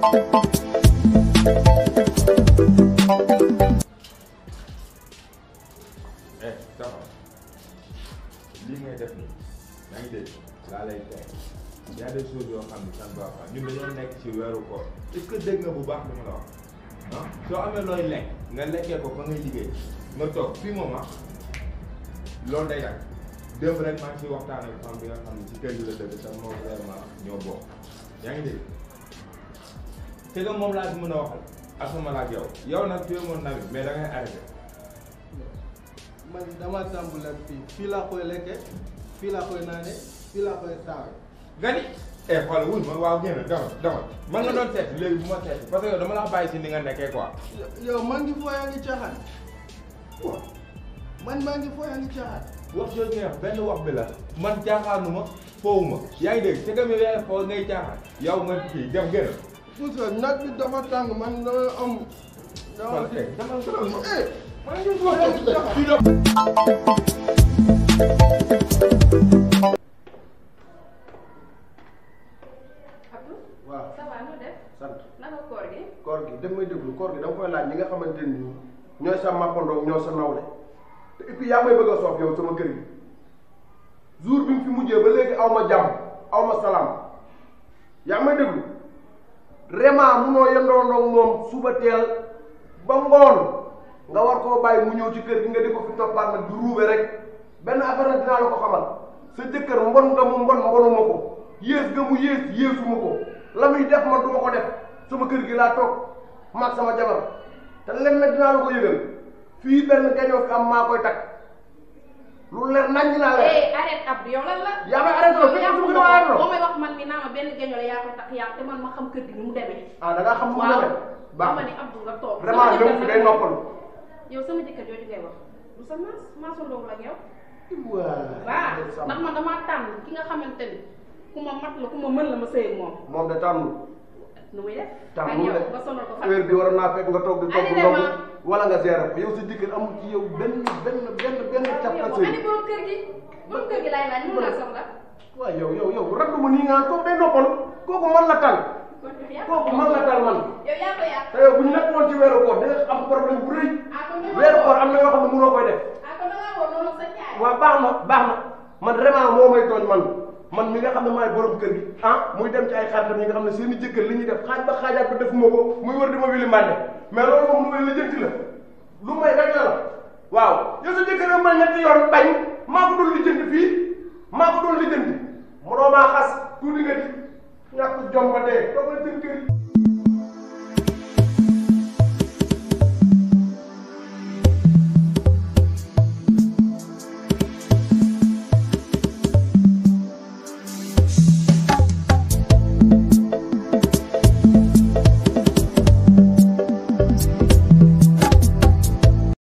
eh taxaw lii ngay def nii yaa ngi dégg laa lay teg y a des choses yoo xam ne ça ne va pas ñun dañoo nekk ci weeru koor est-ce que nga bu baax li ma la wax soo amee looy lekk nga lekkee ko fa ngay liggéey nga toog fii moom ah loolu day yàgg démb rek maa ngi ciy waxtaan ak femme bi nga xam ne ci kër gi la dëgg sax moom vraiment ñoo bokk yaa ngi dégg. te que moom laa mën a waxal asuma la ak yow yow nag tu es mon ami mais da ngay arrêté. man damaa tàmbali ak fii fii laa koy lekke fii laa koy naane fii laa koy taawee. nga ni eh, xool wuñ ma waaw génn demal demal man nga doon seet léegi bu ma seet parce que yow dama laa bàyyi si ni nga nekkee quoi. yow maa ngi fooy yaa ngi man maa ngi fooy yaa ngi caaxaan. wax nga wax wax bi la man caaxaanuma foowu ma yaa ngi dégg te que yow yaa ngi foofu ngay caaxaan yow nga tout ça naaj bi dafa tàng man dama am. dama dama eh, waaw ça va nu def. sant naka koor gi. koor gi dem may déglu koor gi dama koy laaj ñi nga xamante ni ñooy sa màppandoog ñoo sa nawle te et puis yaa may bëgg a soof yow sama kër gi jour bi mu fi mujjee ba léegi aw ma jàmm aw ma salaam yaa may déglu. vraiment munoo yëndoondoo moom suba teel ba ngoon nga war koo bàyyi mu ñëw ci kër gi nga di ko fi toppaat nag du ruube rek benn affaire nag dinaa la ko xamal sa jëkkër mbon nga mu mbon mbonuma ko yées nga mu yées yéesuma ko la muy def man du ma ko def sama kër gi laa toog maag sama jabar te lenn nag ko yëgal fii benn gañoo fi am maa koy takk lu leer nañ naa la. eh arrête Abdou yow lan la. yaa may loolu yaa ko wax loo may wax man mi naa ma benn géño la yaa ko man ma xam kër gi ni mu demee. ah da ngaa xam mu demee. waaw ma ne Abdou nga toog. vraiment lépp fi day noppalu. yow sama jëkkër jooju ngay wax lu sa maas maaso doomu la ak yow. waaw ndax man damaa tànn ki nga xamante ni ku ma mat la ku ma mën la ma sëy moom. nu muy def. tax mu ne ba sonal bi waroon naa fekk nga toog di toog ndox wala nga gérer ko yow sa jëkkër amul ci yow benn benn benn benn cappa sëy. ani borom kër gi borom kër gi laay laaj mun naa soxla. waaw yow yow yow rakk ma nii nga kooku day noppal kooku man la tal. kooku man la tal man. yow ko yaa. te yow bu ñu nekk woon ci weeru koor dina am problème bu rëy. Ah, weeru koor am na yoo xam ne mënoo koy de ah kon da ngaa woon noonu sa caay. waaw baax na baax na man vraiment moo may tooñ man. mi nga xam ne maay borom kër gi ah muy dem ci ay xaritam yi nga xam ne seen i jëkkër li ñuy def xaaj ba xaajaat ba defuma ko muy wër di ma wili mbànde mais loolu moom lu may la jënti la lu may rek la la waaw yow sa jëkkër a ma ñetti yoon bañ maa ko doon lijjanti fii maa ko doon lijjanti mu maa xas tuuti nga di ñàkk jom ba dee toog la seen kër